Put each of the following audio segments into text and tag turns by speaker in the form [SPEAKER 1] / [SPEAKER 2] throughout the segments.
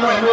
[SPEAKER 1] Broadway.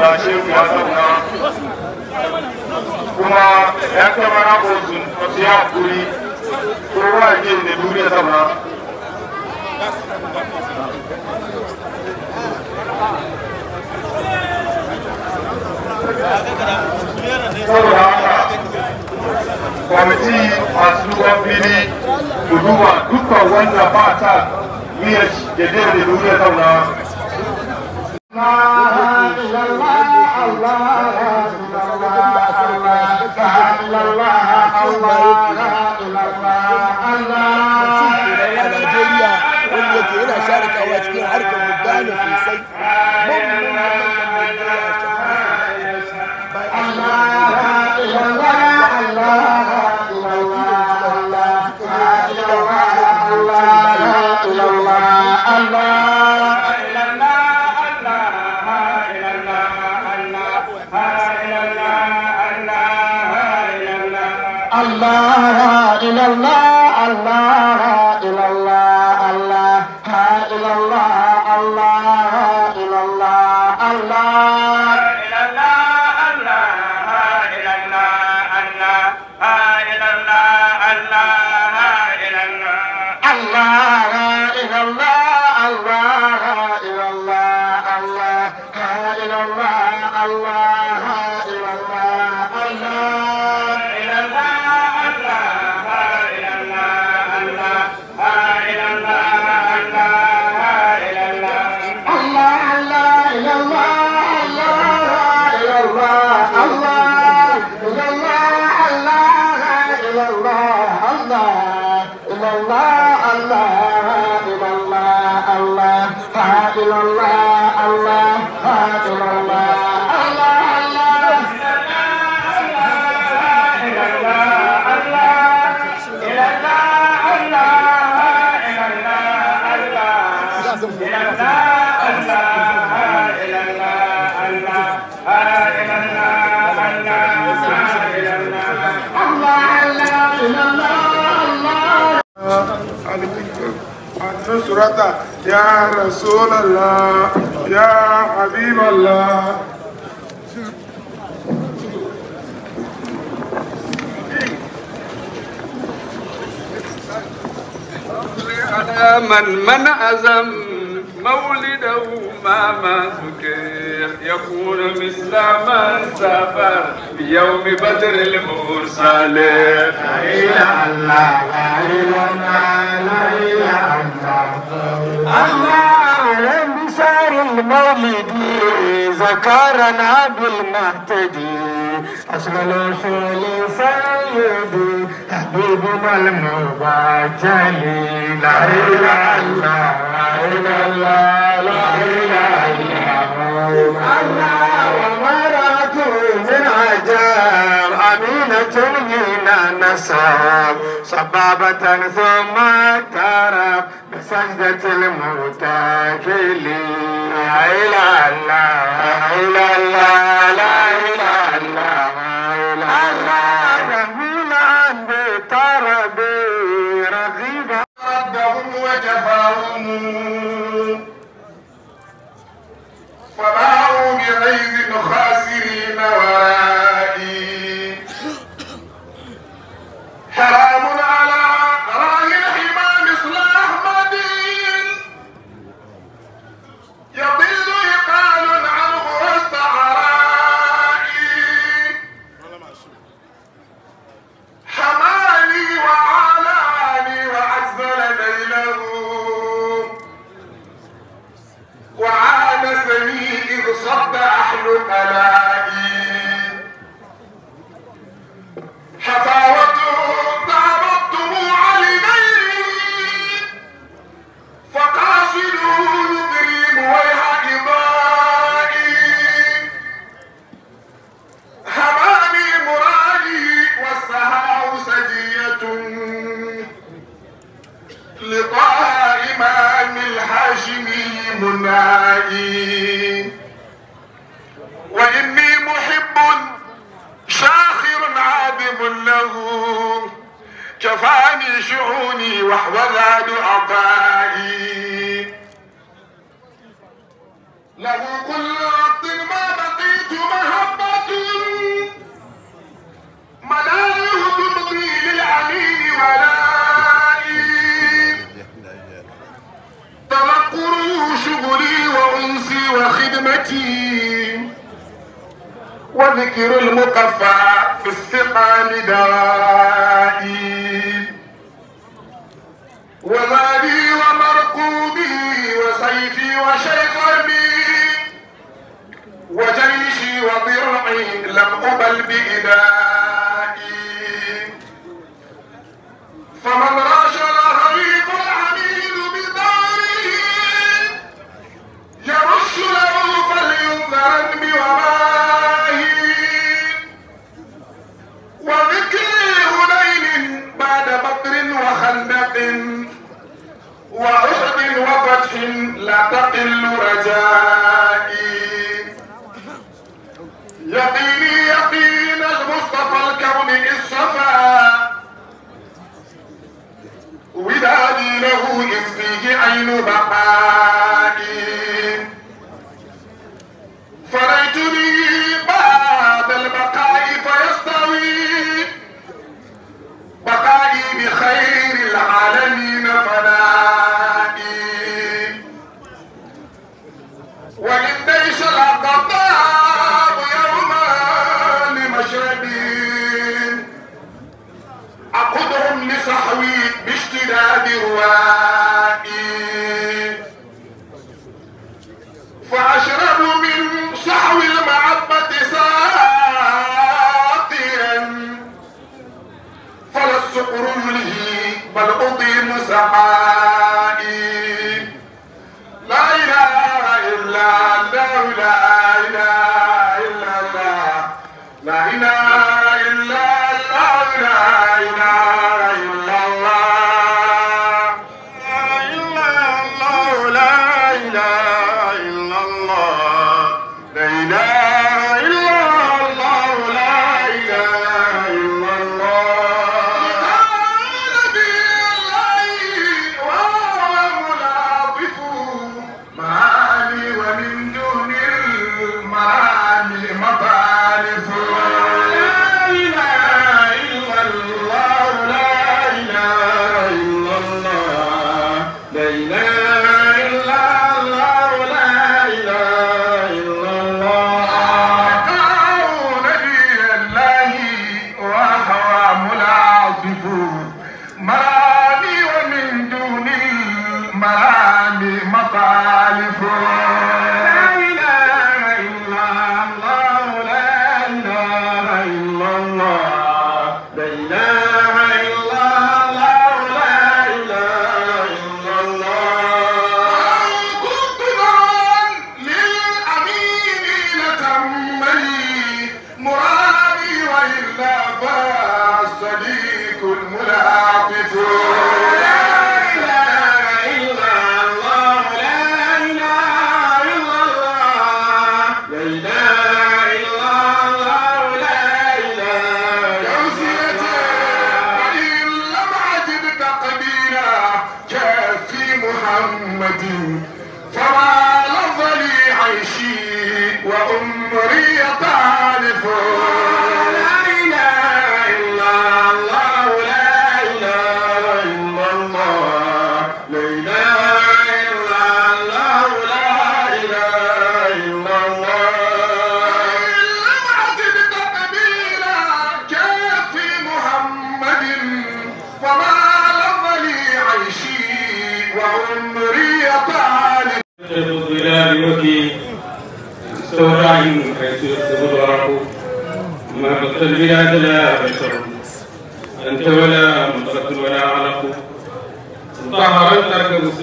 [SPEAKER 1] zauna shehu ya zauna
[SPEAKER 2] kuma ya kama na bozun wasu ya kuri kowa ke da duniya zauna saboda haka kwamiti masu ruwan fili ku duba dukkan wanda ba ta miyar da duniya zauna
[SPEAKER 3] الله الله النصرة يا رسول الله يا حبيب الله
[SPEAKER 4] على من أزم مولده ما ما ذكر مثل من سافر يوم بدر المرسل لا اله الا الله
[SPEAKER 3] الله على
[SPEAKER 4] بشار المولد ذكرنا بالمهتدي أصل الوصول سيدي حبيبنا المبارك لا إله إلا الله لا إله إلا الله ومراته من عجاب أمينة النسام صبابة ثم اقترب بسجدة الموتى جلي لا إله إلا الله لا إله إلا
[SPEAKER 2] الله
[SPEAKER 3] وباعوا بعيد خاسرين وائي سلام على راي الإمام صلاح مدين يضل وإني محب شاخر عادم له كفاني شعوني واحوذان عطائي له كل رب ما بقيت محبة مناله تبقي للعلي ولائي سبلي وأنسي وخدمتي وذكر المقفى في الثقة ندائي ومالي ومرقوبي وسيفي وشيطاني وجيشي وضرعي لم أبل بإدائي فمن راشد خليف العميد يرش له فليذهب بوراءه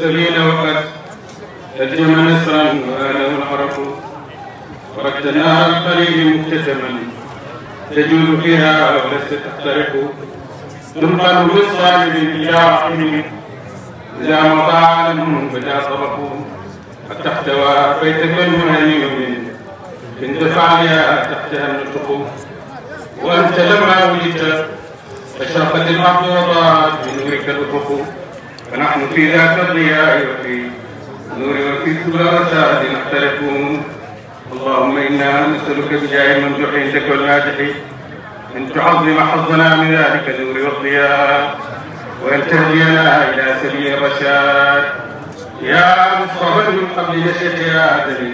[SPEAKER 4] المرسلين وقد هدم نسرا وآله العرق وقد نارا قريب مبتسما تجود فيها ولست تحترق تنقل بالصالب إلى رحم إذا مضى عالم بدا طرق قد تحتوى بيتك المهني اندفع يا تحتها النطق وأنت لما وليت أشرقت الأرض وضاعت بنورك الأفق فنحن في ذاك الضياء وفي النور وفي السبل والشاهد نختلفون اللهم انا نسالك بجاه الممدوح عندك والمادح ان تعظم حظنا من ذلك النور والضياء وان تهدينا الى سبيل الرشاد يا مصطفى من قبل نشأة آدم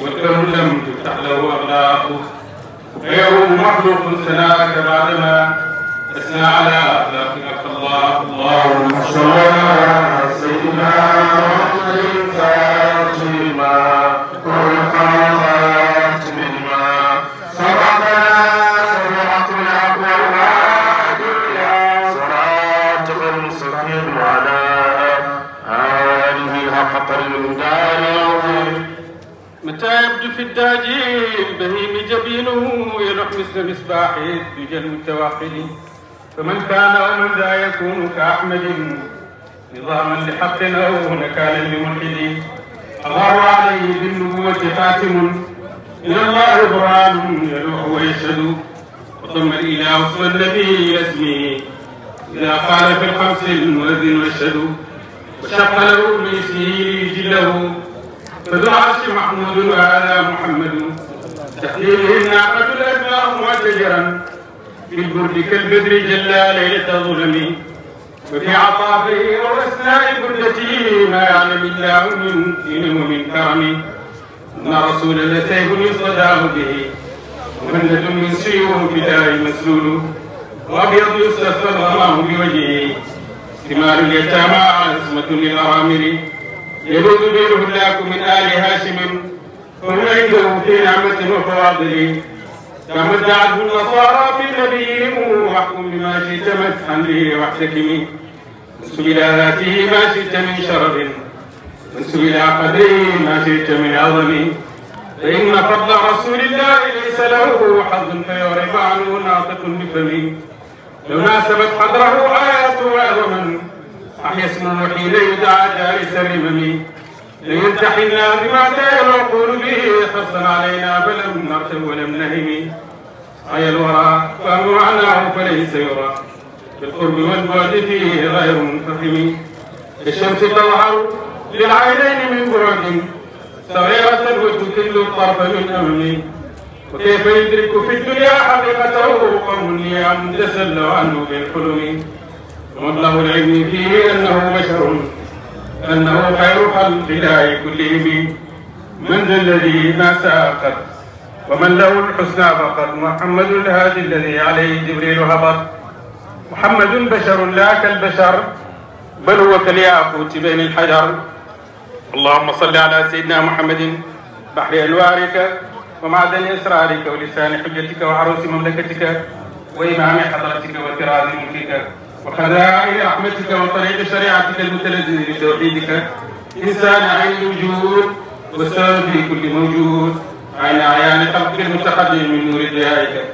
[SPEAKER 4] والكون لم تفتح له أغلاقه غيره مخلوق سناك بعدما أثنى على أخلاقك اللهم صل على سيدنا محمد الفاتح لما والخاتم لما
[SPEAKER 3] سبقنا سبقت الأبواب إلى صراطك
[SPEAKER 4] المستقيم وعلى آله حق الميزان متى يبدو في الداجي البهيم جبينه يلوح مثل مصباح الدجى المتواقد فمن كان ومن ذا يكون كأحمد نظاما لحق أو نكالا لملحد الله عليه بالنبوة خاتم إلى الله برهان يلوح ويشهد وضم الإله صلى النبي إلى إذا قال في الخمس المؤذن يشهد وشق له من ليجله فدعا فذو عرش محمود وهذا محمد تحليله الناقة الأدماء معتجرا في البرد كالبدر جلى ليلة ظلمي وفي عطافه وأثناء برلته ما يعلم الله من دينه ومن كرم أن رسول لسيف يصداه به ومنة من سيوه بدار مسلول وأبيض يستسقى الله بوجهه ثمار اليتامى عصمة للأوامر يبوز به الهلاك من آل هاشم فهو عنده في نعمة وفواضل
[SPEAKER 5] كما ادعته النصارى
[SPEAKER 4] في نبيهم واحكم بما شئت مدحا به واحتكمي انسب الى ذاته ما شئت من شرف انسب الى قدره ما شئت من عظم فان فضل رسول الله ليس له حظ فيعرف عنه ناطق بفمي لو ناسبت قدره اياته اعظما احيا اسمه حين يدعى دار الرمم ليمتحنا بما كان نقول به حصل علينا فلم نرحب ولم نهم أي الورى معناه فليس يرى بالقرب والبعد فيه غير منفهم الشمس تظهر للعينين من بعد صغيرة وتكل الطرف من امن وكيف يدرك في الدنيا حقيقته قوم نيام تسلوا عنه بالحلم ومبلغ العلم فيه أنه بشر أنه خير خلق الله كلهم من ذا الذي ما ساقت ومن له الحسنى فقد محمد الهادي الذي عليه جبريل هبط محمد بشر لا كالبشر بل هو كالياقوت بين الحجر اللهم صل على سيدنا محمد بحر انوارك ومعدن اسرارك ولسان حجتك وعروس مملكتك وامام حضرتك وكرام ملكك وخذائر رحمتك وطريق شريعتك المتلذذ بتوحيدك إنسان عين الوجود والسبب في كل موجود عن أعيان خلقك المتقدم من نور ضيائك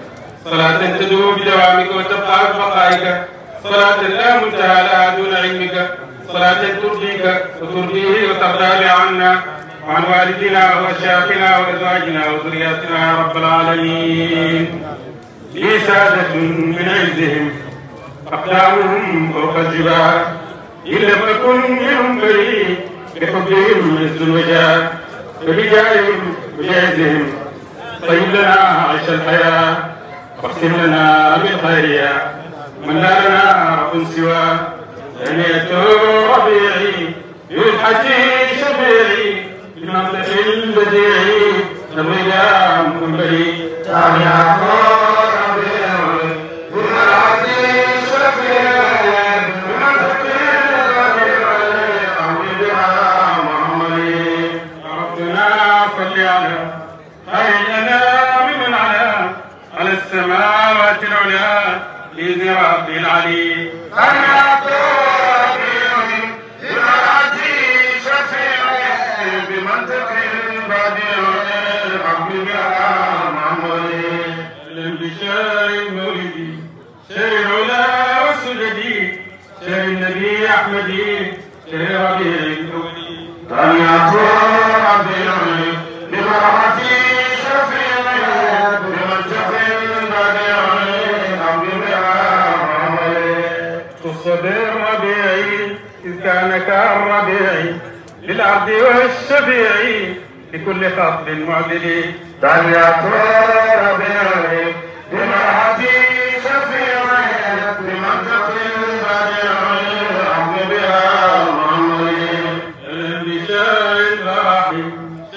[SPEAKER 4] صلاة تدوم بدوامك وتبقى ببقائك صلاة لا منتهى لها دون علمك صلاة ترضيك وترضيه وترضى عنا وعن والدنا وأشياخنا وأزواجنا وذرياتنا يا رب العالمين لي سادة من عزهم أقدامهم فوق الجبال إن لم أكن منهم بريء بحبهم مثل الوجاه فبجاههم بجاهزهم طيب لنا عيش الحياة واقسم لنا بالخيرية من لا لنا رب سوى ثانية ربيعي بالحج شفيعي بالمبدأ البديعي نبغي لا منبري تعالى رب العليم
[SPEAKER 3] أنا طبيب بمعاتي شفيع
[SPEAKER 4] بمنطق بديع ربك معمري علم بشاري مريدي شير لا وسجدي شير النبي أحمدي شير ربي أنا طبيب بمعاتي الربيعي للعبد والشفيع بكل خطب معدل تهيأ ربيع بمرحبي شفيع بمنطق البديع أمر بها وأمري بشاء الفرحي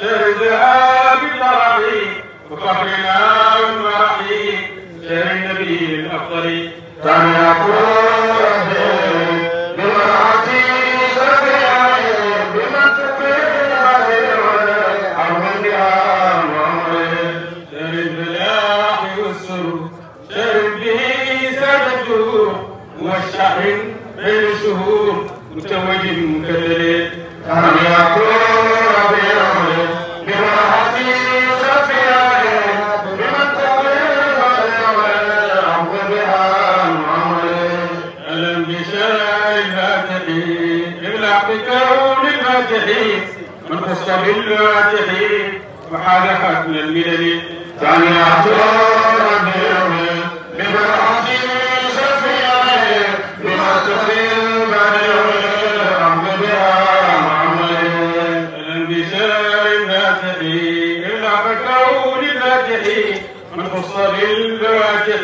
[SPEAKER 4] شرزها بالفرحي وفرحنا بالفرحي شر النبي الأفضل تهيأ وجه كدر أم يقول من خص بالفاتح وحال حتم الملل سمعت مصطفى الفاتح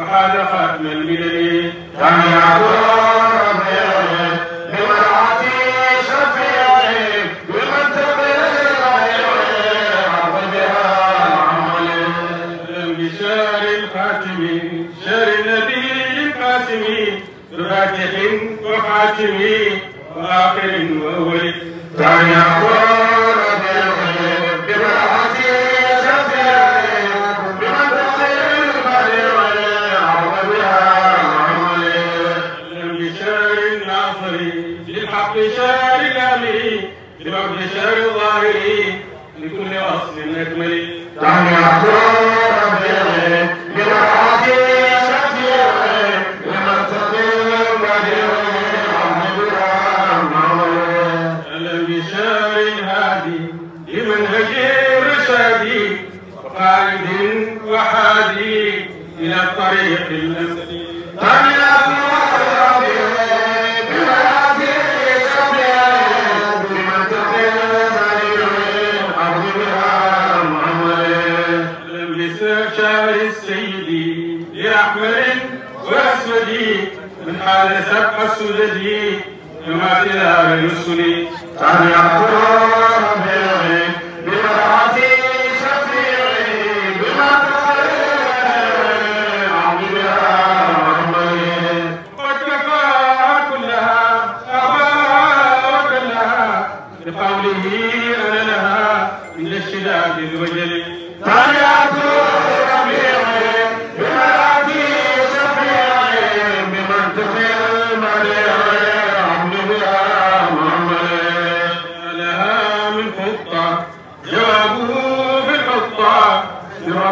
[SPEAKER 4] وحال ختم المدن جميع ربي بمرعتي شفيعي بمن بها العمل لم بشار الحاتم شار النبي القاسم فاتح وحاتمي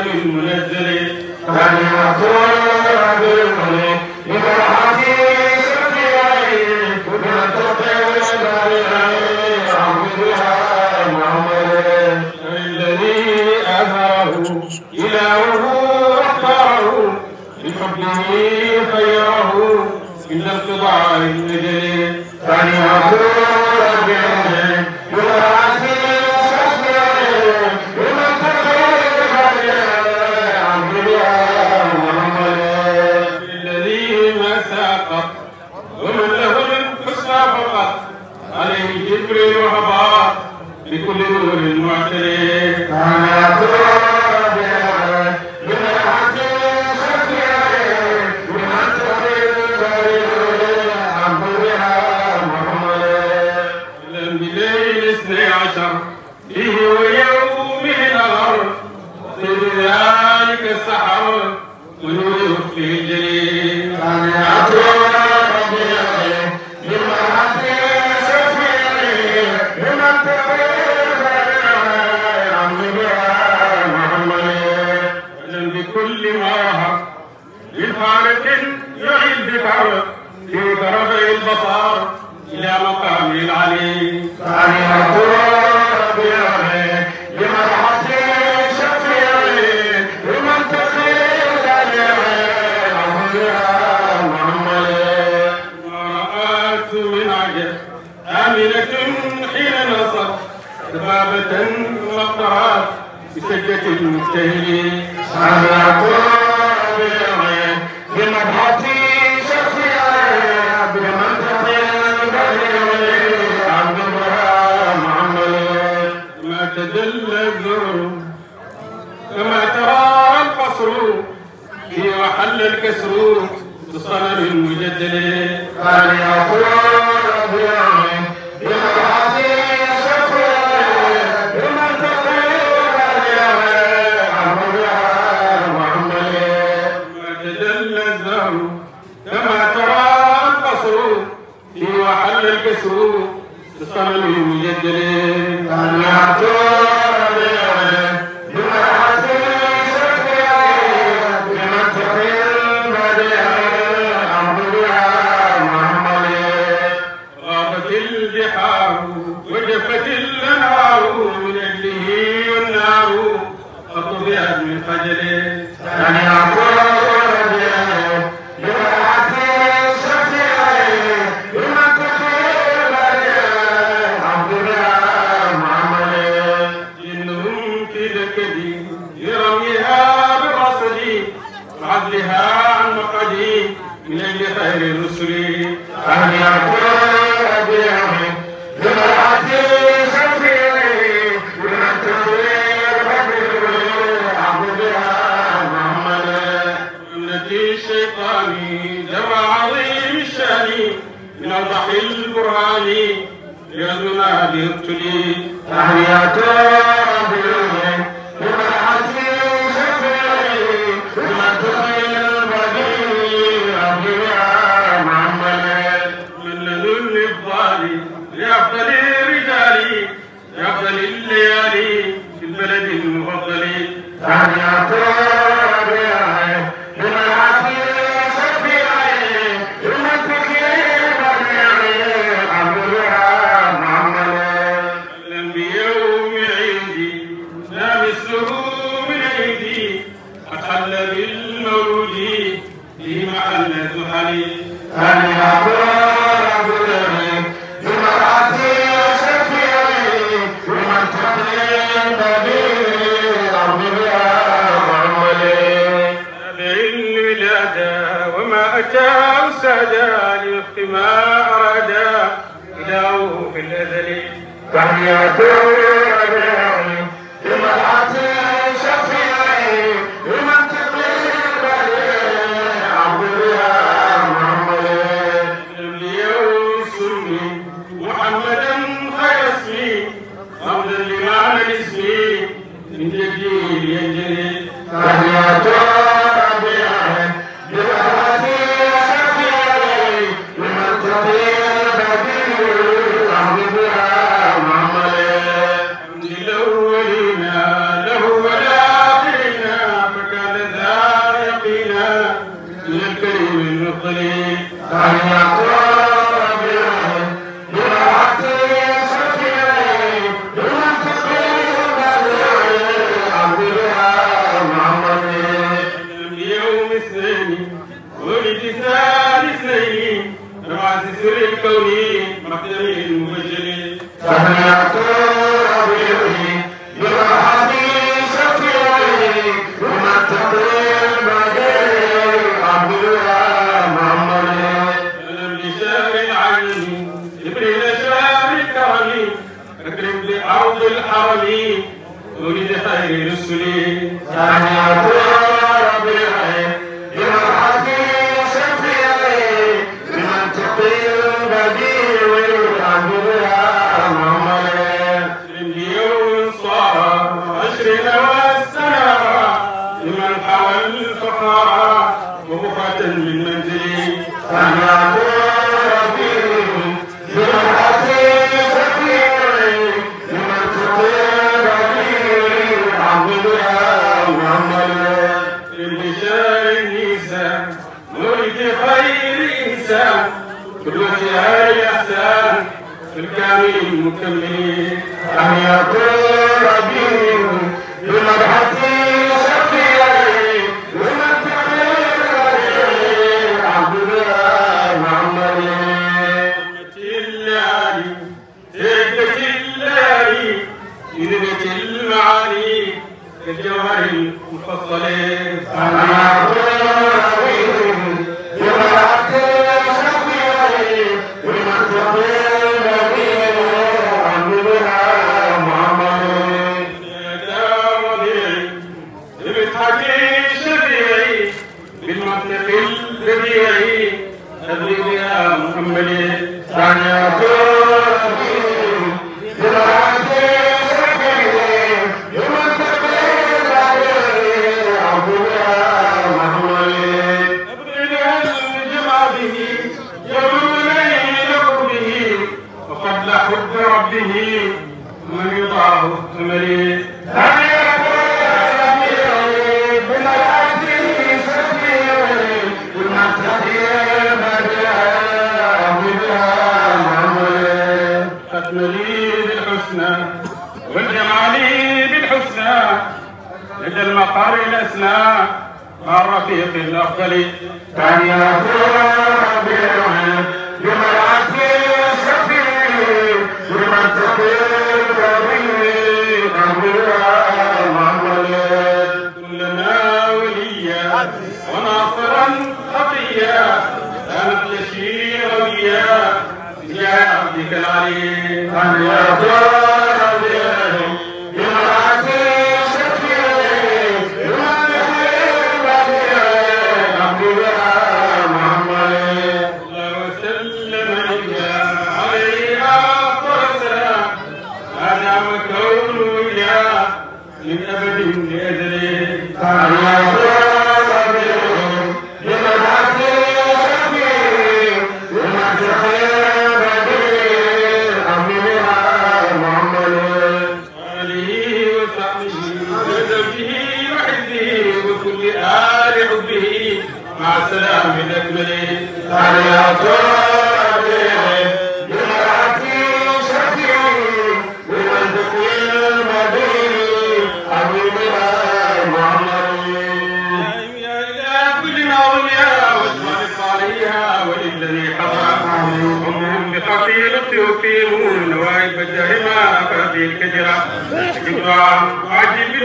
[SPEAKER 4] المنزل فنعم بالملك بمرحمته إلهه واختاره لحبه خيره إلا اقتضاع الأجل فنعم خالق يعيد البشر في درجة البصر إلى مقام العلي ثاني ربي عليك لمرحة
[SPEAKER 3] شفيعي
[SPEAKER 4] لمن تخيل عليها محمد ورأت من عجب آمنة حين نصت سبابة وقرات بسجة المجتهدين سامع قرب بمبحثي شخصي بمنطق بدري عبد الوهاب محمد ما تدل الذر كما ترى القصر في محل الكسر بصدر مجدد قال يا تكسروا تستعملوا من جدل أن يعطوا يبتلي أهليات به بمرحتي شفيعي بمدخل البديع يا محمد من لذل الظالم لأفضل رجالي لأفضل الليالي في البلد المفضل أهليات पिल्ले झाली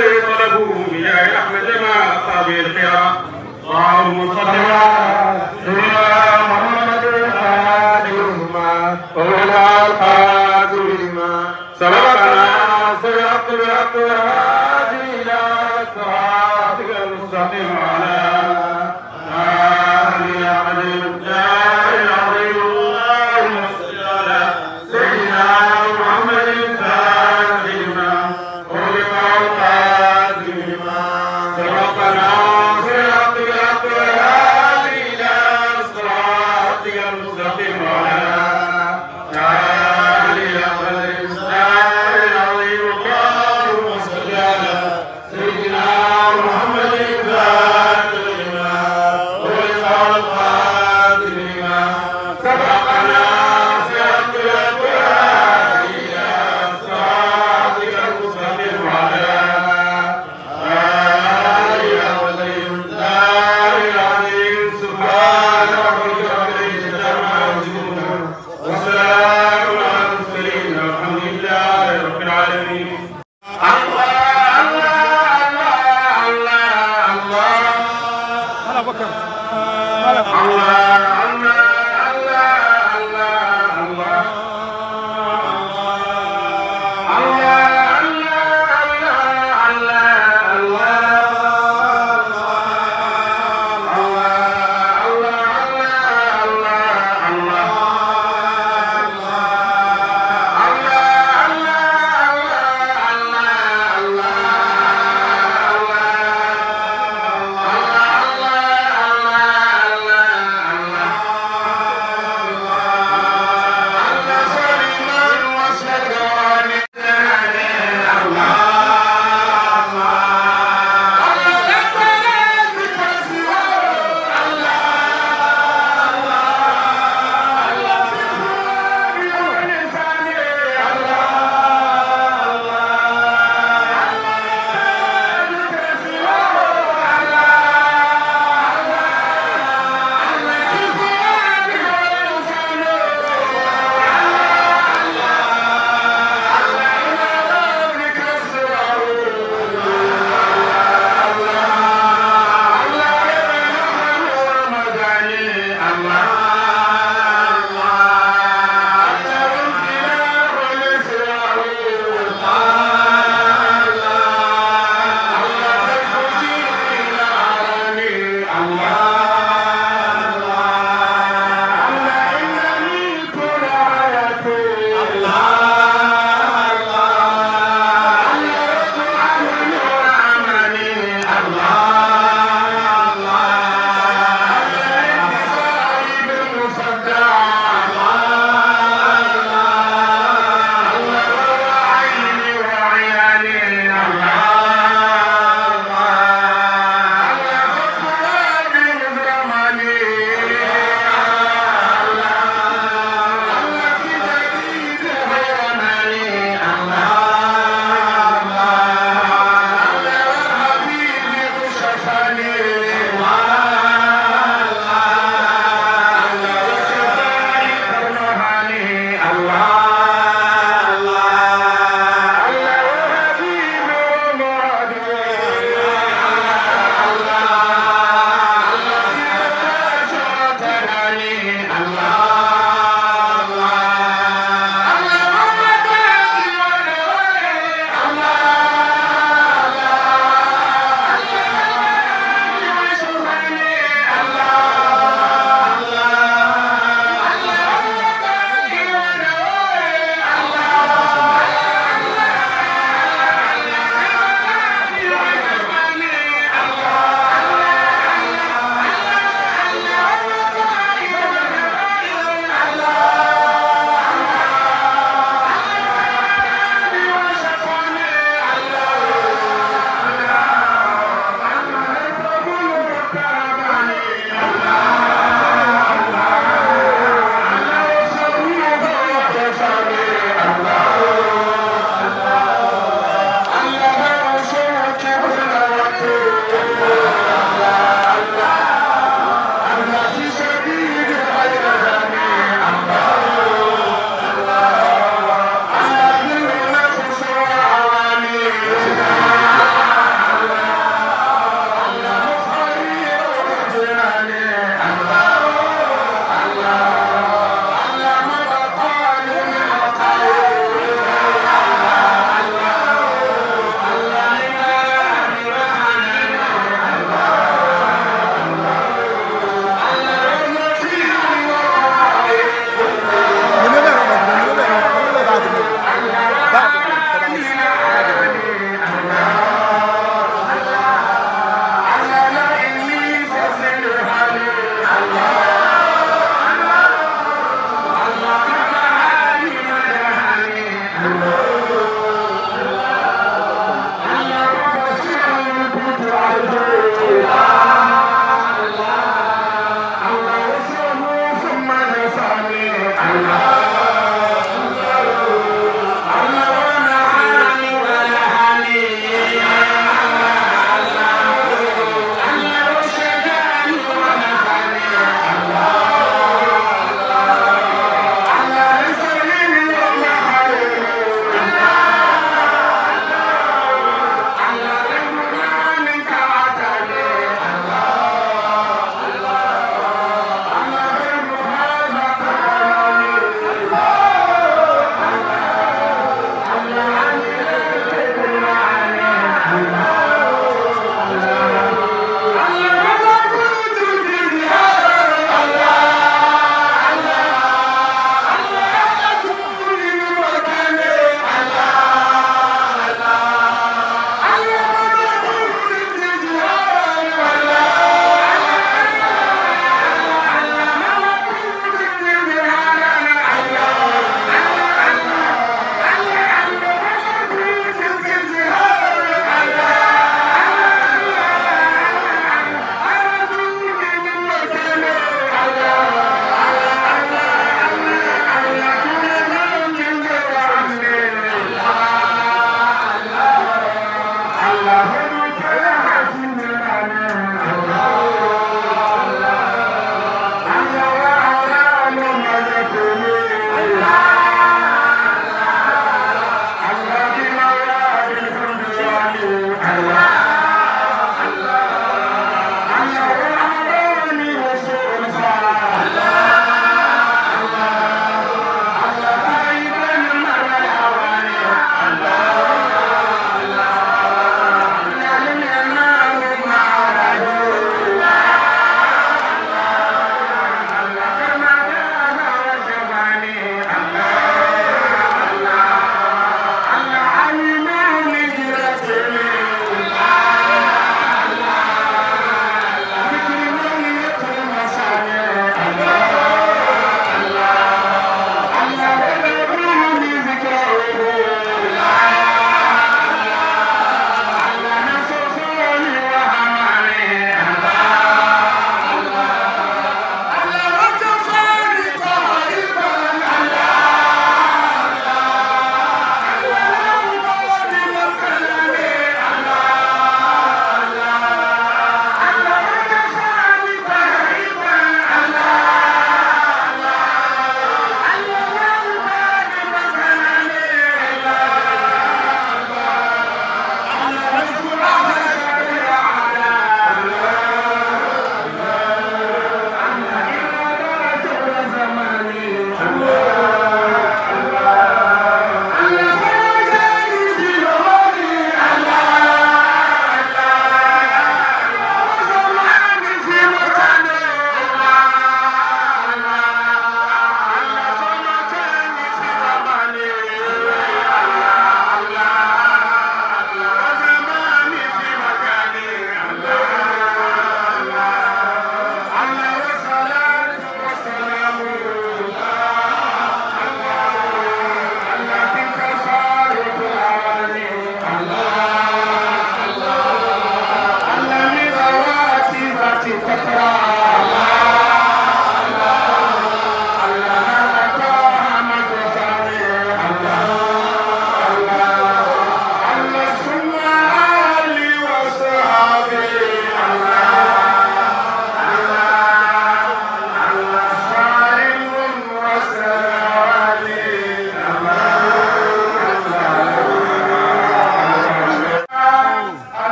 [SPEAKER 4] الذي طلبوه بجاه احمد مع اصحاب القراء اللهم صل على سيدنا محمد احدهما وعلى القادر الى صراطك المستقيم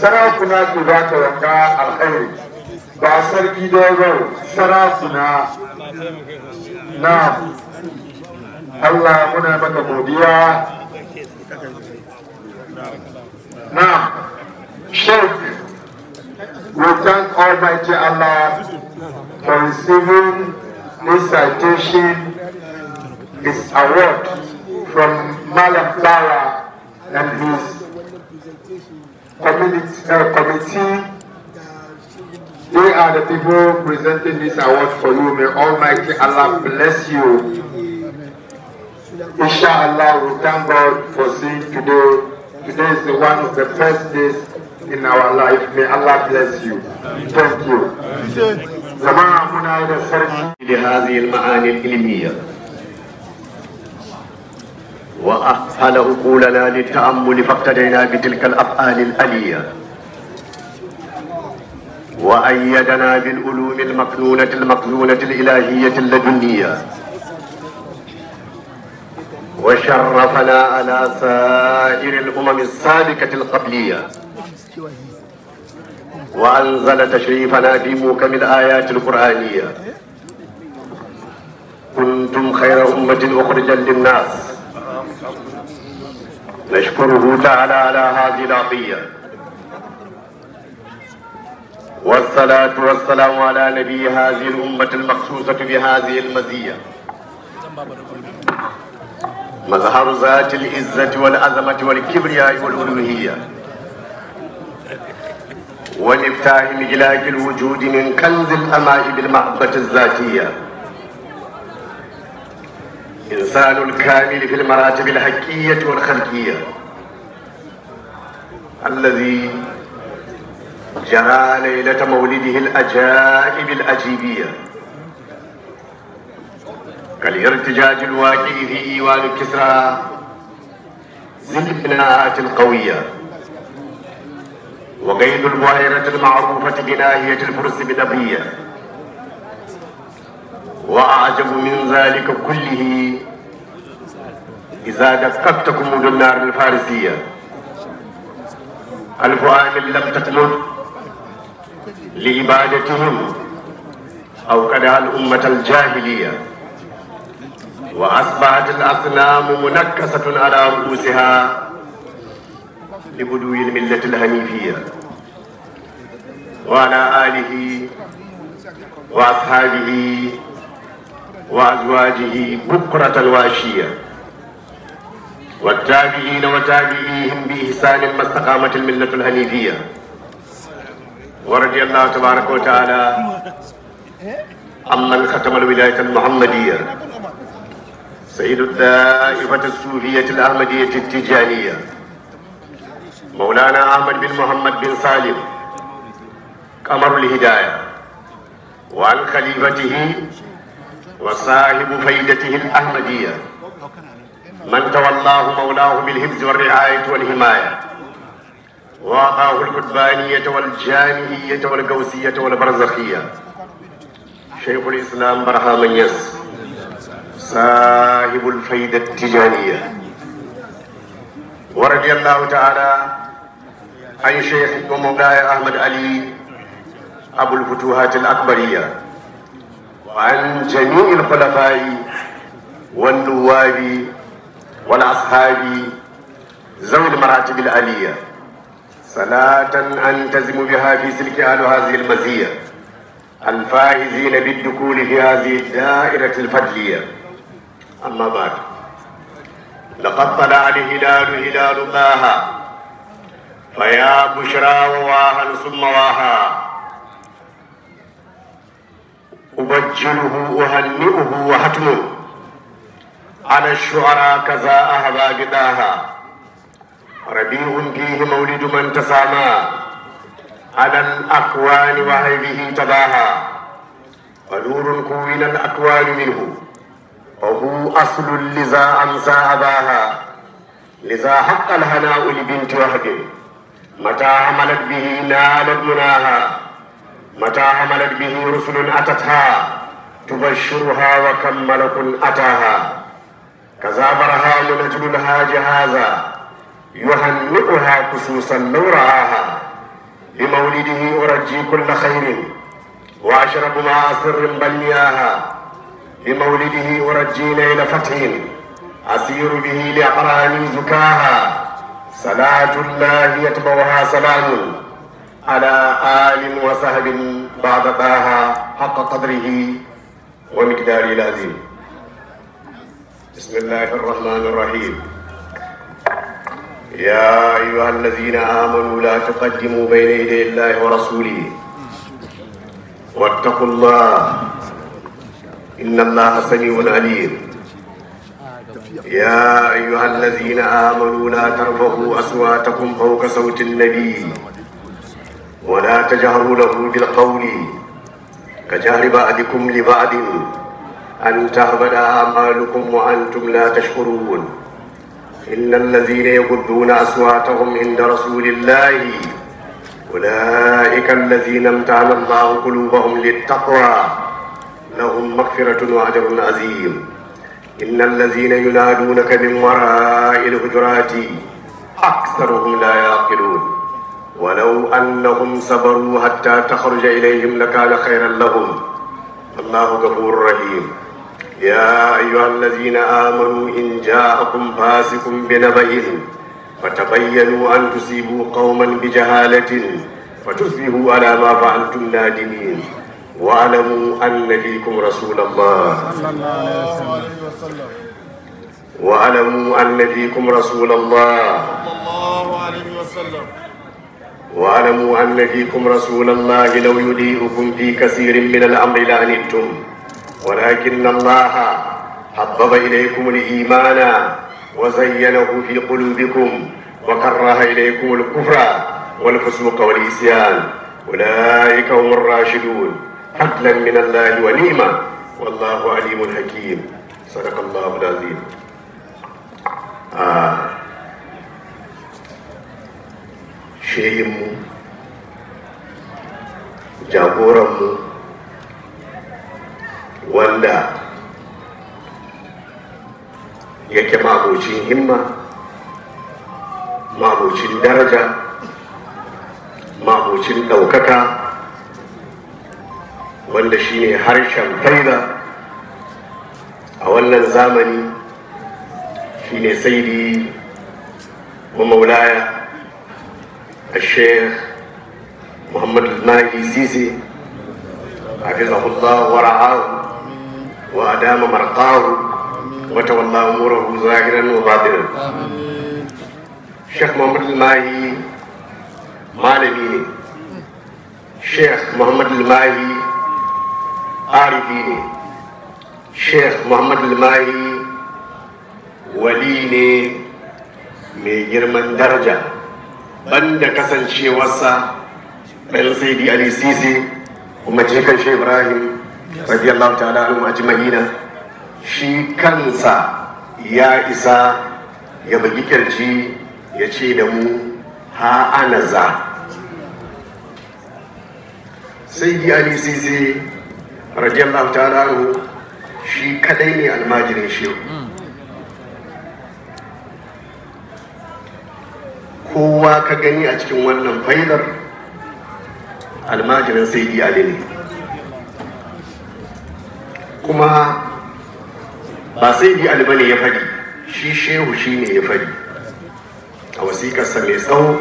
[SPEAKER 2] sarakuna ke za ta wanka alkhairi ba sarki da ya dogon sarakuna na Allah muna maka godiya na shek we thank almighty Allah for receiving this citation this award from Malam Bawa and his committee, uh, committee they are the people presenting this award for you. May Almighty Allah bless you. Inshallah, we thank God for seeing today. Today is one of the best days in our life. May Allah bless you. Thank
[SPEAKER 5] you. وأفعل عقولنا للتأمل فاقتدينا بتلك الأفعال الألية وأيدنا بالعلوم المكنونة المكنونة الإلهية اللدنية وشرفنا على سائر الأمم السابقة القبلية وأنزل تشريفنا في موكم الآيات القرآنية كنتم خير أمة أخرجا للناس نشكره تعالى على هذه العطية والصلاة والسلام على نبي هذه الأمة المخصوصة بهذه المزية مظهر ذات العزة والعظمة والكبرياء والألوهية والإفتاح مجلاك الوجود من كنز الأماء بالمحبة الذاتية إنسان الكامل في المراتب الحكية والخلقية الذي جرى ليلة مولده الأجائب الأجيبية كالارتجاج الواقع في إيوان كسرى ذي البناءات القوية وقيد البحيرة المعروفة بناهية الفرس بنبيه وأعجب من ذلك كله إذا دققتكم مدن النار الفارسية ألف عام لم تكمل لعبادتهم أو كدع الأمة الجاهلية وأصبحت الأصنام منكسة على رؤوسها لبدو الملة الهنيفية وعلى آله وأصحابه وأزواجه بكرة الواشية والتابعين وتابعيهم بإحسان ما استقامت الملة الحنيفية ورضي الله تبارك وتعالى عمن ختم الولاية المحمدية سيد الدائفة السورية الأحمدية التجانية مولانا أحمد بن محمد بن سالم قمر الهداية وعن خليفته وصاحب فائدته الأحمدية من تولاه مولاه بالهبز والرعاية والحماية وأعطاه الكتبانية والجامعية والقوسية والبرزخية شيخ الإسلام برهام يس صاحب الفائدة التجارية ورضي الله تعالى عن شيخ مولاي أحمد علي أبو الفتوحات الأكبرية وعن جميع الخلفاء والنواب والأصحاب ذوي المراتب العالية صلاة التزم بها في سلك أهل هذه المزية الفائزين بالدخول في هذه الدائرة الفضلية أما بعد لقد طلع الهلال هلال الله فيا بشرى وواها ثم واها أبجله أهنئه وهتمه على الشعراء كذا أهبا قداها ربيع فيه مولد من تسامى على الأكوان وهيبه تباهى ونور كون الأكوان منه وهو أصل لذا أمسى أباها لذا حق الهناء لبنت وهب متى عملت به نالت مناها متى عملت به رسل أتتها تبشرها وكم ملك أتاها كذا من أجل لها جهازا يهنئها كسوسا لو رعاها لمولده أرجي كل خير وأشرب مع سر بلياها لمولده أرجي ليل فتح أسير به لأقراني زكاها صلاة الله يتبعها سلام على آل وصحب بعد طه حق قدره ومقداره العظيم بسم الله الرحمن الرحيم يا أيها الذين آمنوا لا تقدموا بين يدي الله ورسوله واتقوا الله إن الله سميع عليم يا أيها الذين آمنوا لا ترفعوا أصواتكم فوق صوت النبي ولا تجهروا له بالقول كجهر بعضكم لبعض أن تهبل أعمالكم وأنتم لا تشكرون إن الذين يغضون أصواتهم عند رسول الله أولئك الذين امتعن الله قلوبهم للتقوى لهم مغفرة وأجر عظيم إن الذين ينادونك من وراء الهجرات أكثرهم لا يعقلون ولو أنهم صبروا حتى تخرج إليهم لكان خيرا لهم الله غفور رحيم يا أيها الذين آمنوا إن جاءكم فاسق بنبأ فتبينوا أن تصيبوا قوما بجهالة فتصبحوا على ما فعلتم نادمين واعلموا أن فيكم رسول الله
[SPEAKER 4] صلى الله عليه وسلم
[SPEAKER 5] واعلموا أن فيكم رسول الله صلى الله عليه وسلم واعلموا أن فيكم رسول الله لو يضيئكم في كثير من الأمر لانتم ولكن الله حبب إليكم الإيمان وزينه في قلوبكم وكره إليكم الكفر والفسوق والعصيان أولئك هم الراشدون فضلا من الله ونعمة والله عليم حكيم صدق الله العظيم آه. shehinmu jagoranmu wanda yake mabocin himma mabocin daraja mabocin ɗaukaka wanda shi ne harshen faida a wannan zamani shi shine saidi mamaulaya الشيخ محمد الناجي السيسي حفظه الله ورعاه وأدام مرقاه وتولى أموره زاهرا وغادرا الشيخ محمد الماهي معلمي الشيخ محمد الماهي عارفيني الشيخ محمد الماهي وليني من درجه banda kasancewarsa ɗan saidi ali sisi kuma jikan shi ibrahim radiyallahu ta'ala anhu ajma'ina shi kansa ya isa ya bugi kirji ya ce da mu ha za. saidi ali sisi radiyallahu ta'ala anhu shi kadai ne almajirin shehu hmm. kowa ka gani a cikin wannan faidar almajirin sai yi ne kuma ba sai yi ne ya fadi shi shehu shi ne ya faɗi a wasiƙarsa mai tsawo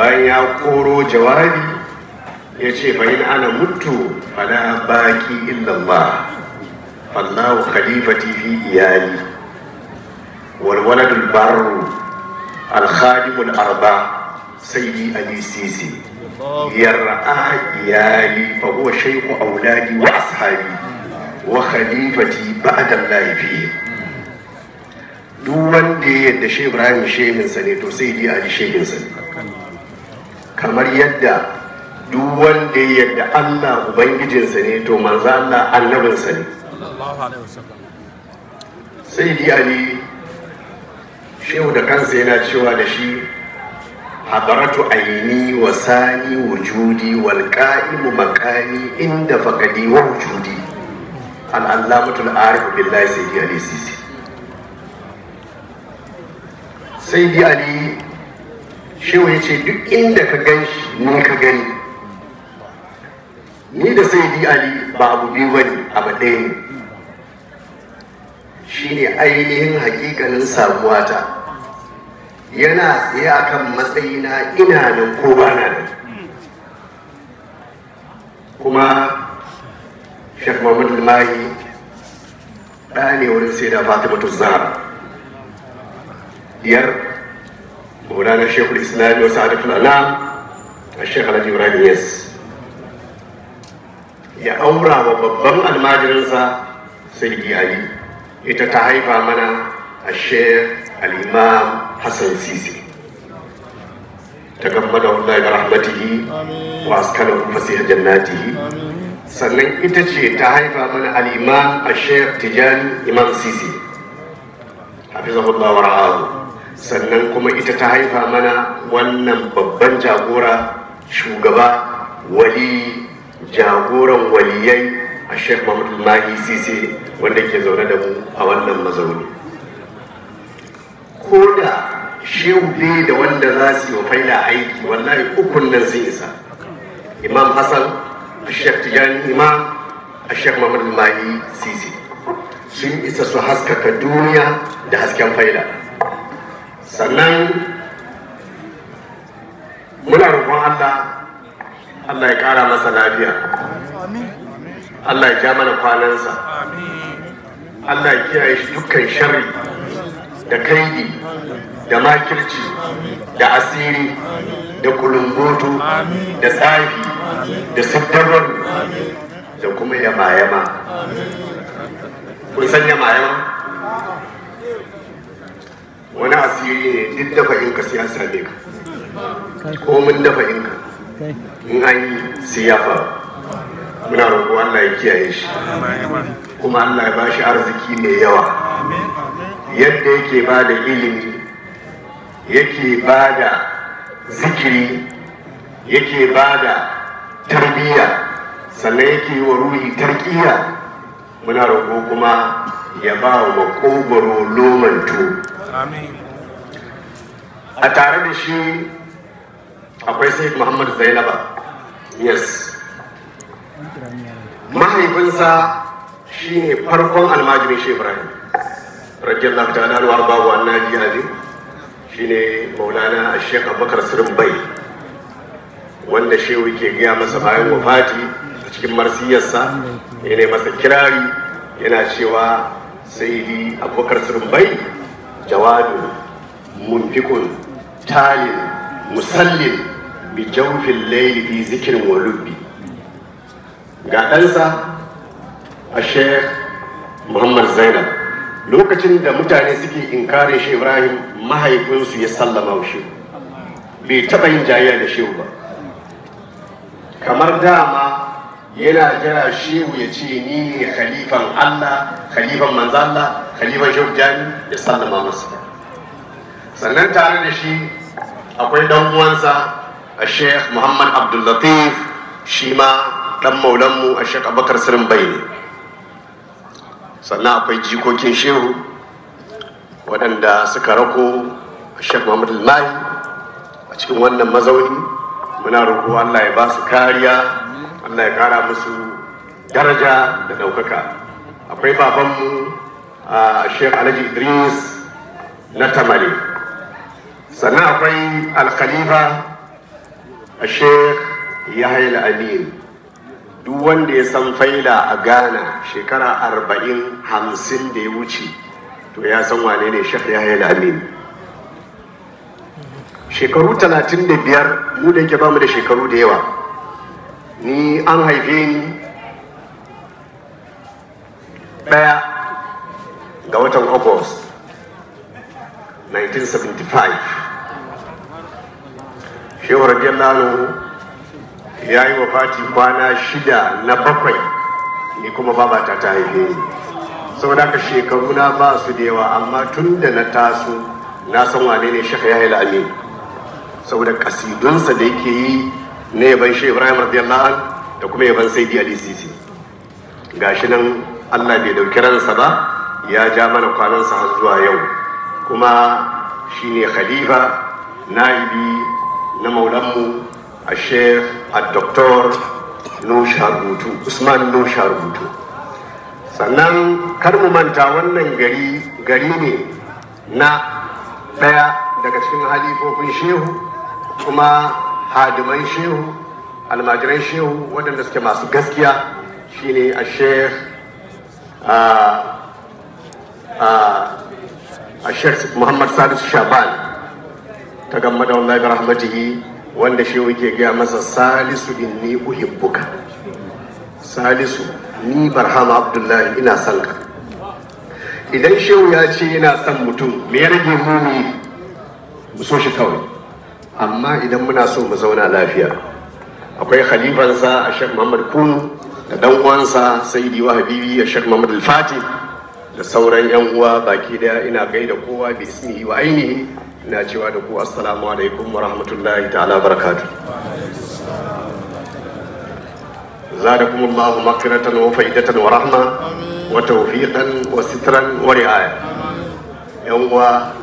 [SPEAKER 5] bayan ya koro jawabi ya ce bayan ana mutu fala baki illallah fallahu khalifati fi iyali Walwala barru alhadimul arba sayyidi ali sisi yar'a iyali fa huwa auladi wa ashabi wa khalifati ba'da laifi duk wanda ya yadda shi ibrahim shehinsa ne to sai yi ali shehinsa ne kamar yadda duk wanda ya yadda allah ubangijinsa ne to manzo allah annabinsa ne sai yi ali shehu da kansa yana cewa da shi habaratu aini wa sani wujudi wal qa'imu makani inda fakadi wa wujudi al allamatul arif billahi sayyidi ali sisi sayyidi ali shehu yace duk inda ka gan shi ni ka gani ni da sayyidi ali ba abu biyu bane abu ɗaya ne shine ainihin hakikalin sabuwata yana tsaye kan matsayina ina da ko ba na nan kuma shek mahmud lahi ɗane wurin sai da fatimatu zahar. biyar na shekul islami wasu adatul alam a shek alhaji ibrahim yes ya aura wa babban almajirinsa sai yi. ita ta haifa mana a sheikh al hassan sisi ta gamba da wallahi da rahmatihi wa askanahu fasiha jannatihi sannan ita ce ta haifa mana al a sheikh tijani imam sisi hafizahullah wa ra'ahu sannan kuma ita ta haifa mana wannan babban jagora shugaba wali jagoran waliyai a shek mahi sise wanda ke zaune da mu a wannan mazauni ko da shehu ne da wanda za su yi wa faila aiki wallahi ukun nan sun isa imam hassan a shek tijani imam a shek mahi sise sun isa su haskaka duniya da hasken faila sannan muna roƙon allah allah ya ƙara masa lafiya Allah ya ja mana kwanansa Allah ya kiyaye shi dukkan shari da kaidi da makirci da asiri da kulungoto da tsafi da siddarar da kuma yama-yama kun san yama wani asiri ne duk dafa inka sai an same ka ko mun dafa ka. in an yi siyafa ya muna roƙo Allah ya kiyaye shi kuma Allah ya ba shi arziki mai yawa yadda yake ba da ilimi yake ba da zikiri yake ba da tarbiyya sannan yake yi wa ruhi tarkiya muna roƙo kuma ya ba wa makogoro lomanto a tare da shi akwai sai muhammad zainaba yes mahaifinsa shine farkon almajirin shi ibrahim radiyallahu ta'ala wa babu annaji shi ne maulana shekar bakar sirin bai wanda shehu ke gaya masa bayan wafati a cikin marsiyarsa ya ne masa kirari yana cewa sai yi abubakar sirin bai jawabin munfikun talin musallin bi jawfin laili zikirin wa ga ɗansa a sheikh muhammad zainab lokacin da mutane suke inkarin shi ibrahim mahaifinsu ya sallama wa shehu bai taɓa yin jayayya da shehu ba kamar dama yana jira shehu ya ce ni ne khalifan allah khalifan Manzala, khalifan shehu jami ya sallama masa sannan tare da shi akwai dan uwansa a sheikh muhammad abdullatif shi ma dan maulanmu a shek bakar sirin bai ne sannan akwai jikokin shehu waɗanda suka rako a shek muhammadu a cikin wannan mazauni muna roƙo allah ya ba su kariya allah ya ƙara musu daraja da ɗaukaka akwai babanmu a shek alhaji idris na tamale sannan akwai alkhalifa a shek yahya al duk wanda ya san faila a ghana shekara arba'in hamsin da ya wuce to ya san wane ne ya yi lamini shekaru talatin da biyar mu da yake bamu da shekaru da yawa ni an haife ni ɗaya ga watan august 1975 shehu lalu ya yi wa Fati kwana shida na bakwai ni kuma babata ta haife ni saboda haka shekaru na ba su da yawa amma tun da na taso na san wane ne shaka ya haila saboda kasidunsa da yake yi na yaban shi ibrahim radiyallahu an da kuma yaban sai di ga gashi nan allah bai dauki ransa ba ya ja mana kwanansa har zuwa yau kuma shine khalifa na'ibi na maulanmu a sheikh a doktor nusha rubutu usman nusha rubutu sannan kar mu manta wannan gari gari ne na ɗaya daga cikin halifofin shehu kuma hadiman shehu almajiran shehu waɗanda suke masu gaskiya shine a sheikh a sheikh muhammad salisu shaban ta gammada wallahi rahmatihi wanda shehu ke gaya masa salisu inni uhibbuka salisu ni barhama abdullahi ina son ka idan shehu ya ce yana son mutum me ya rage muni mu so shi kawai amma idan muna so mu zauna lafiya akwai khalifansa a shek muhammad kunu da dan uwansa sayyidi wa habibi a shek muhammad al da sauran yan uwa baki daya ina gaida kowa bi ismihi wa ainihi ina cewa da ku assalamu alaikum wa rahmatullahi ta'ala barakatu kuma Allahu makratan wa faidatan wa rahma wa tawfiqan wa sitran wa ri'aya yan uwa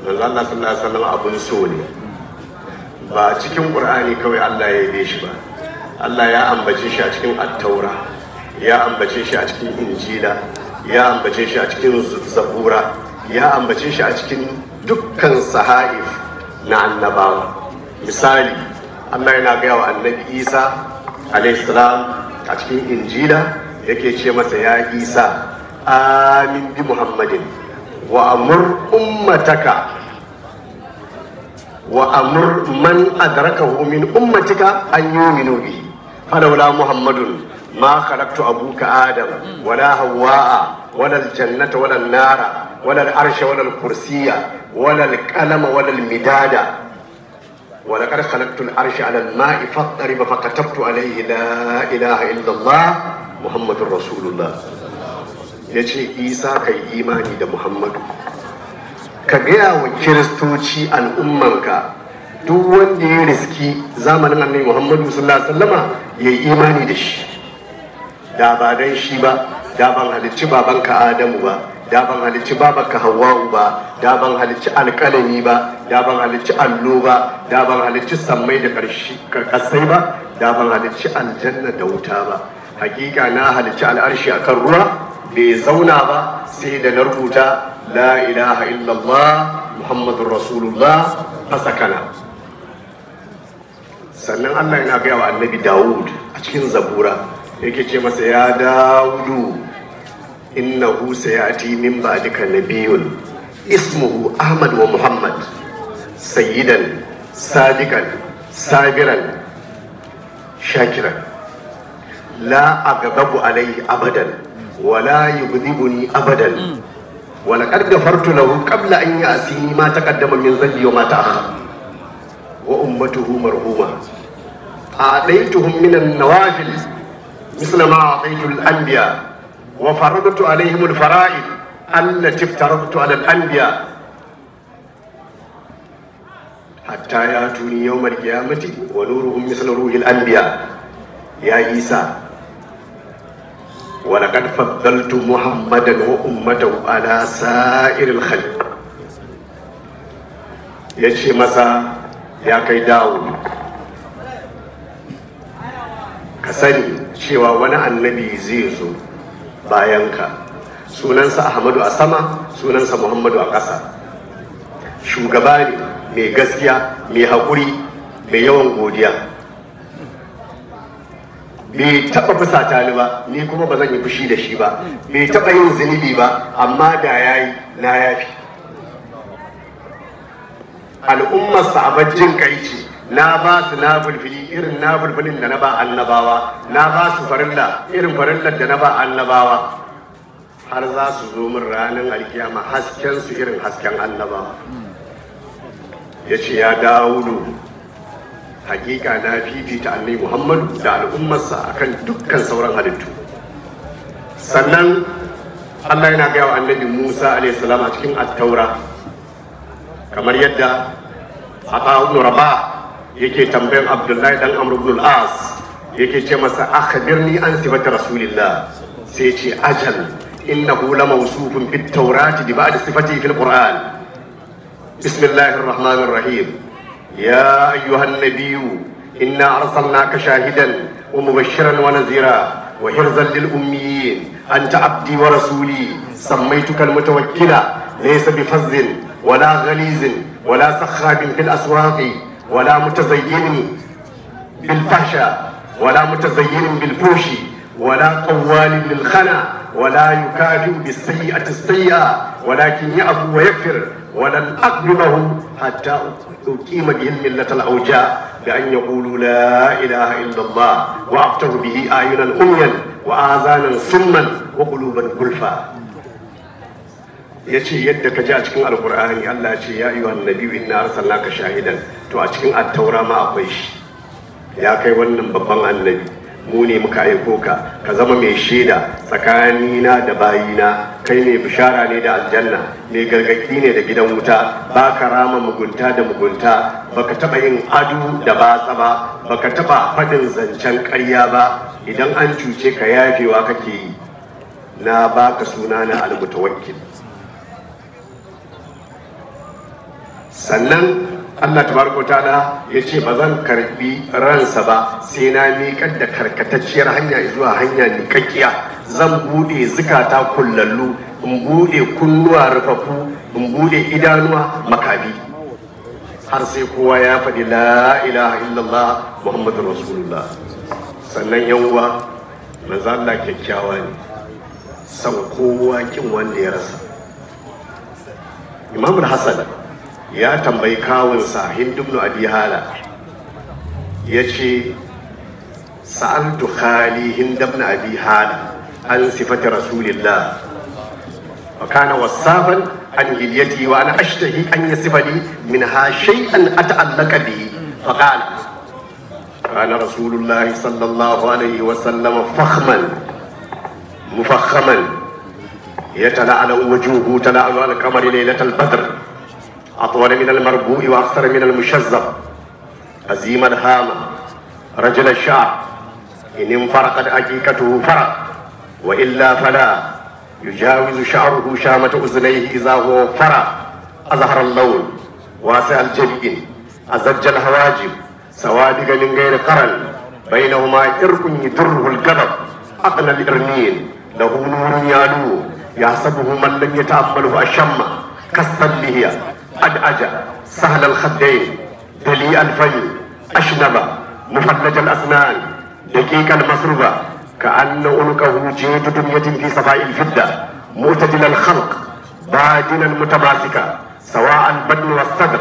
[SPEAKER 5] manzo Allah sallallahu alaihi wasallam abun so ne ba cikin Qur'ani kawai Allah ya yabe shi ba Allah ya ambace shi a cikin At-Taura ya ambace shi a cikin Injila ya ambace shi a cikin Zabura ya ambace shi a cikin dukkan saha'if na annabawa misali Allah yana gaya wa annabi Isa alaihissalam a cikin injila yake ce masa ya Isa amin bi Muhammadin wa amur ummataka wa amur man adrakahu min ummatika an yuminu bi falawla Muhammadun ما خلقت أبوك آدم ولا هواء ولا الجنة ولا النار ولا العرش ولا الكرسي ولا القلم ولا المداد ولقد خلقت العرش على الماء فاضطرب فكتبت عليه لا إله إلا الله محمد رسول الله يجي إيسا كي إيماني دا محمد كجاء وكريستوشي عن أمك duk wanda ya riski zamanin annabi Muhammadu sallallahu alaihi wasallama ya yi imani da shi da ba dan shi ba da ban halicci babanka adamu ba da ban halicci babanka hawa'u ba da ban halicci alƙalami ba da ban halicci allo ba da ban halicci sammai da karkasai ba da ban halicci aljanna da wuta ba hakika na halicci al'arshi a kan ruwa bai zauna ba sai da na rubuta la ilaha illallah muhammadun rasulullah a sannan allah yana gaya wa annabi dawud a cikin zabura yake ce masa ya dawudu innahu sayati min ba'dika biyun. ismuhu ahmad wa muhammad sayyidan sadikan sabiran shakiran la aghdabu alayhi abadan wa la yughdibuni abadan wa laqad ghafartu lahu qabla an ya'tini ma taqaddama min dhanbi wa ma wa ummatuhu marhuma a min an-nawafil مثل ما أعطيت الأنبياء وفرضت عليهم الفرائض التي افترضت على الأنبياء حتى يأتوني يوم القيامة ونورهم مثل روح الأنبياء يا عيسى ولقد فضلت محمدا وأمته على سائر الخلق يجي مسا يا كي داود ka sani cewa wani annabi zai zo bayan ka sunansa ahmadu a sama sunansa muhammadu a ƙasa shugaba ne mai gaskiya mai haƙuri mai yawan godiya bai taɓa fusa taliba. ni kuma ba zan yi fushi da shi ba bai taɓa yin zunubi ba amma da ya yi na yafi al'ummar sahabar jin kai ce na ba su na bulfili irin na bulfilin da na ba annabawa na ba su farilla irin farillar da na ba annabawa har za su zo min ranar alkiyama hasken su irin hasken annabawa ya ce ya dawudu hakika na fifita annai muhammadu da al'ummarsa a kan dukkan sauran halittu sannan allah yana gaya wa annabi musa a.s. a cikin attaura kamar yadda a nura ba. يكي تنبين عبد الله دال عمرو بن العاص يكي تمسى أخبرني عن صفة رسول الله سيتي أجل إنه لموصوف بالتوراة دي بعد صفته في القرآن بسم الله الرحمن الرحيم يا أيها النبي إنا أرسلناك شاهدا ومبشرا ونزيرا وحرزا للأميين أنت عبدي ورسولي سميتك المتوكلة ليس بفز ولا غليز ولا سخاب في الأسواق ولا متزين بالفحشة ولا متزين بالفوش ولا قوال للخنا ولا يكاذب بالسيئة السيئة ولكن يعفو ويكفر ولن أقبله حتى أقيم بهم ملة الأوجاء بأن يقولوا لا إله إلا الله وأفتر به أعينا أميا وآذانا سما وقلوبا كلفا ya ce yadda ka ji a cikin alkur'ani Allah ya ce ya yi wa nabi inna ka shahidan to a cikin attaura ma akwai shi ya kai wannan babban annabi mu ne muka aiko ka ka zama mai shaida tsakanina da bayina kai ne bishara ne da aljanna mai gargaki ne da gidan wuta ba ka rama mugunta da mugunta baka taba yin adu da batsa ba baka taba fadin zancen ƙarya ba idan an cuce ka yafewa kake yi na baka suna na almutawakkil sannan Allah tabaraka ta'ala ya ce ba zan karbi ransa ba sai na miƙar da karkatacciyar hanya zuwa hanya niƙaƙƙiya. zan buɗe zukata kullallu in buɗe kunnuwa rufafu in buɗe idanuwa makabi har sai kowa ya faɗi la ilaha illallah muhammadu rasulullah sannan yan uwa manzo Allah kyakkyawa ne san kowa kin wanda ya rasa imamul hasan ya tambayi kawunsa hindubnu abi hala ya ce sa'altu khali hindubnu abi hala an sifati rasulillah wa kana wasafan an hilyati wa ana ashtahi an yasifali min ha shay'an ata'allaka bihi fa qala kana rasulullahi sallallahu alaihi wa sallam fakhman mufakhaman يتلألأ وجوه على القمر ليلة البدر أطول من المربوع وأكثر من المشذب عزيم الهام رجل الشعر إن انفرقت أجيكته فرق وإلا فلا يجاوز شعره شامة أذنيه إذا هو فرق أظهر اللون واسع الجبين أزج الهواجم سوادق من غير قرن بينهما إرق يدره الكذب أقل الإرنين له نور يالو يحسبه من لم يتأمله أشم كالسلهية قد أجا سهل الخدين دليء الفم أشنب مفلج الأسنان دقيق المصروبة كأن أنكه جيد دنيا في صفاء الفدة معتدل الخلق بادنا متماسكا سواء البدن والصدر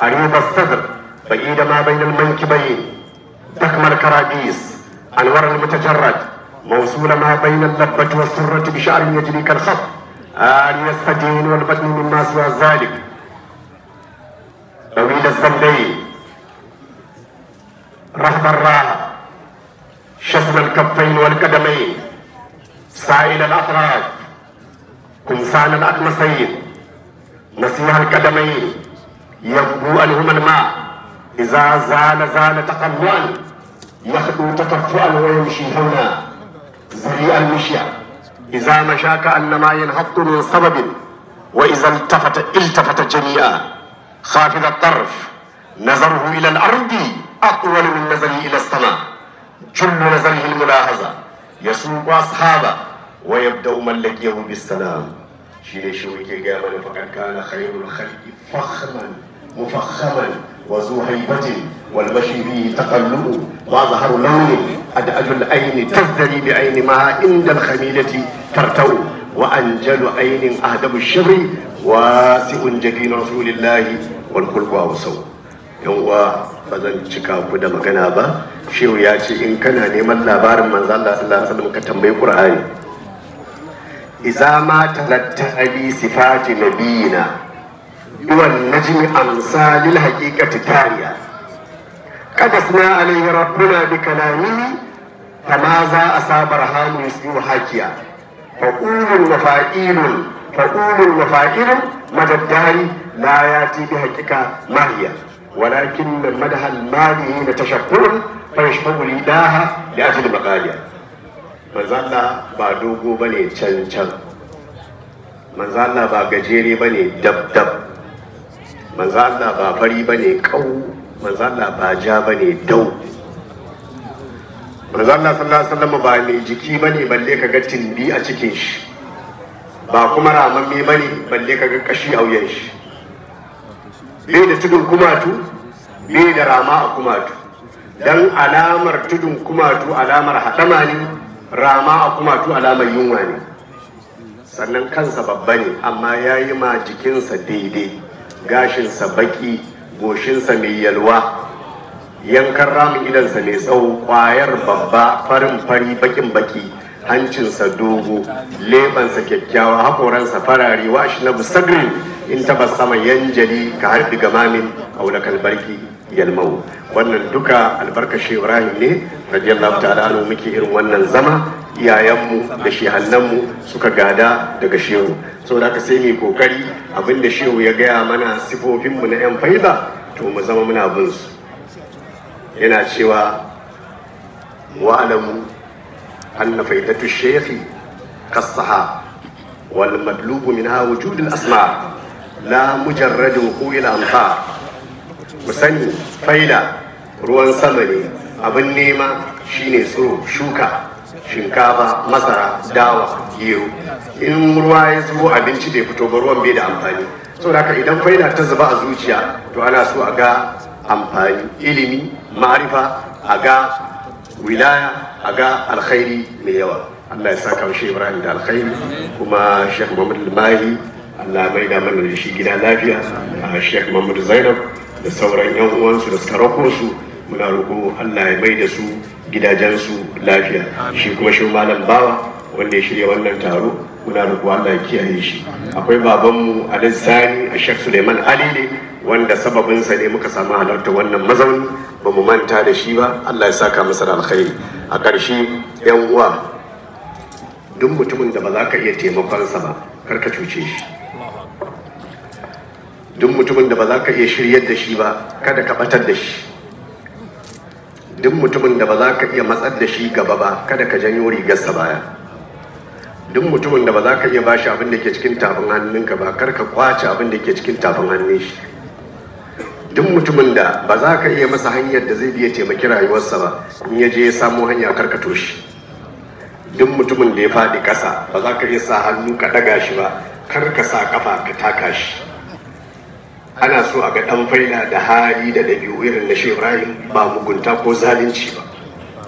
[SPEAKER 5] قريب الصدر بعيد ما بين المنكبين دكم الكراديس أنور المتجرد موصول ما بين اللبة والسرة بشعر يجري كالخط آل يستدين والبدن مما سوى ذلك طويل الزلي رحم الراء شسم الكفين والقدمين سائل الأطراف قمصان الأكمسين نسيها القدمين يبدو أنهما الماء إذا زال زال تقوى يخدو تطفئا ويمشي هنا زريع المشي إذا مشى كأنما ينهض من سبب وإذا التفت التفت جميعا خافض الطرف نظره إلى الأرض أطول من نظره إلى السماء جل نظره الملاحظة يسوق أصحابه ويبدأ من لقيه بالسلام شيء شويك قامنا فقد كان خير الخلق فخما مفخما وذو هيبة والمشي فيه تقلب وأظهر لون أدأج العين تزدري بعين ما عند الخميلة ترتو وأنجل عين أهدب الشر wasi'un jadin rasulillahi wal kulku a wasau yan uwa ba zan cika ku da magana ba shehu ya ce in kana neman labarin manzo Allah sallallahu alaihi ka tambayi ƙur'ani. Iza ma talatta abi sifati na duwan najmi amsalil haqiqati tariya qadasna alayhi rabbuna bi kalamihi kama za asaba rahamu yusbihu hakiya fa qulun wa fa'ilun fa'ulun mafahirin madaddari الدار ya ti bi haƙiƙa mahiya ولكن da madahal mali da tashakkurun fa yashfahu lidaha li ajli ba dogo can can manzalla ba gajere ne dab dab manzalla ba fari ne kau ba ja ne dau sallallahu alaihi wasallam ba mai jiki bane balle ka ga timbi a cikin shi ba kuma ramami ba ne balle ka ga kashi a wuyan shi bai da tudun kumatu bai da rama a kumatu dan alamar tudun kumatu alamar haɗama ne rama a kumatu alamar yunwa ne sannan kansa babba ne amma ya yi ma jikinsa daidai gashinsa baki goshinsa mai yalwa yankan ramin idansa mai tsawo kwayar babba farin fari bakin baki hancinsa dogo lebansa kyakkyawa hakoransa farare wa shi na busagri in taba sama yanjali ka harfi gamamin aulakal kalbarki yalmau wannan duka albarkashi ibrahim ne radiyallahu ta'ala anhu muke irin wannan zama iyayenmu da shehannanmu suka gada daga shehu da haka sai mai kokari abinda shehu ya gaya mana sifofinmu na yan faiza to mu zama muna bin su yana cewa wa'alamu أن فائدة الشيخ قصها والمطلوب منها وجود الأسماء لا مجرد وقوع الأمطار وسني faida. ruwan sama ne abin nema shine tsoro shuka shinkafa masara dawa gero in ruwa ya zubo abinci da ya fito ba ruwan bai da amfani saboda haka idan faida ta zuba a zuciya to ana so a ga amfani ilimi ma'arifa a ga wilaya a ga alkhairi mai yawa Allah ya saka wa Ibrahim da alkhairi kuma Sheikh Muhammad Mahi Allah bai da mana da shi gida lafiya a Sheikh Muhammad Zainab da sauran yan uwansu da suka rako su muna roko Allah ya mai da su gidajensu lafiya shi kuma shi malam bawa wanda ya shirya wannan taro muna roko Allah ya kiyaye shi akwai babanmu Alhaji Sani a Sheikh Suleiman Ali ne wanda sababinsa ne muka samu halarta wannan mazauni ba mu manta da shi ba Allah ya saka masa da alkhairi a ƙarshe yan uwa duk mutumin da ba za ka iya taimakonsa ba kar ka cuce shi duk mutumin da ba za ka iya shiryar da shi ba kada ka batar da shi duk mutumin da ba za ka iya matsar da shi gaba ba kada ka janyo rigarsa baya duk mutumin da ba za ka iya bashi abin da ke cikin tafin hannunka ba kar ka kwace abin da ke cikin tafin hannun shi duk mutumin da ba za ka iya masa hanyar da zai biya taimaki rayuwarsa ba in ya je ya samo hanya karkato shi duk mutumin da ya faɗi ƙasa ba za ka iya sa hannu ka ɗaga shi ba kar ka sa ƙafa ka taka shi ana so a ga ɗan faila da hali da ɗabi'u irin na shi ibrahim ba mugunta ko zalunci ba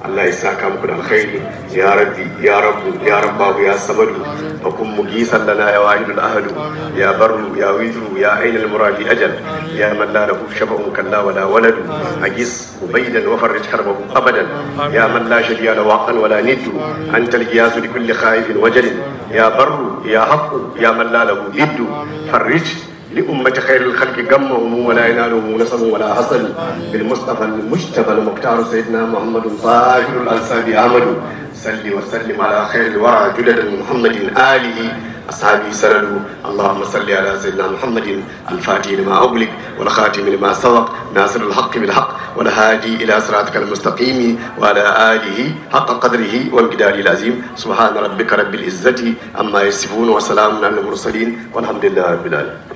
[SPEAKER 5] Allah ya saka muku da alkhairi ya rabbi ya rabbu ya rabbahu ya samadu fa kun mugisan sallana ya wahidul ahadu ya barru ya widu ya aina muradi ajal ya man la lahu shabahun kalla wala waladu agis ubaidan wa farrij karbahu abadan ya man la shadiya la waqan wala niddu Antal al-iyas li kulli khaifin wajal ya barru ya haqqu ya man la lahu niddu farrij لأمة خير الخلق قمهم ولا ينالهم نصب ولا حصل بالمصطفى المجتبى المختار سيدنا محمد طاهر الأنساب آمد صل وسلم على خير الورى جلد محمد آله أصحابي سردوا اللهم صل على سيدنا محمد الفاتح لما أغلق والخاتم لما سبق ناصر الحق بالحق والهادي إلى صراطك المستقيم وعلى آله حق قدره وامتداله العظيم سبحان ربك رب العزة أما يصفون وسلام على المرسلين والحمد لله رب العالمين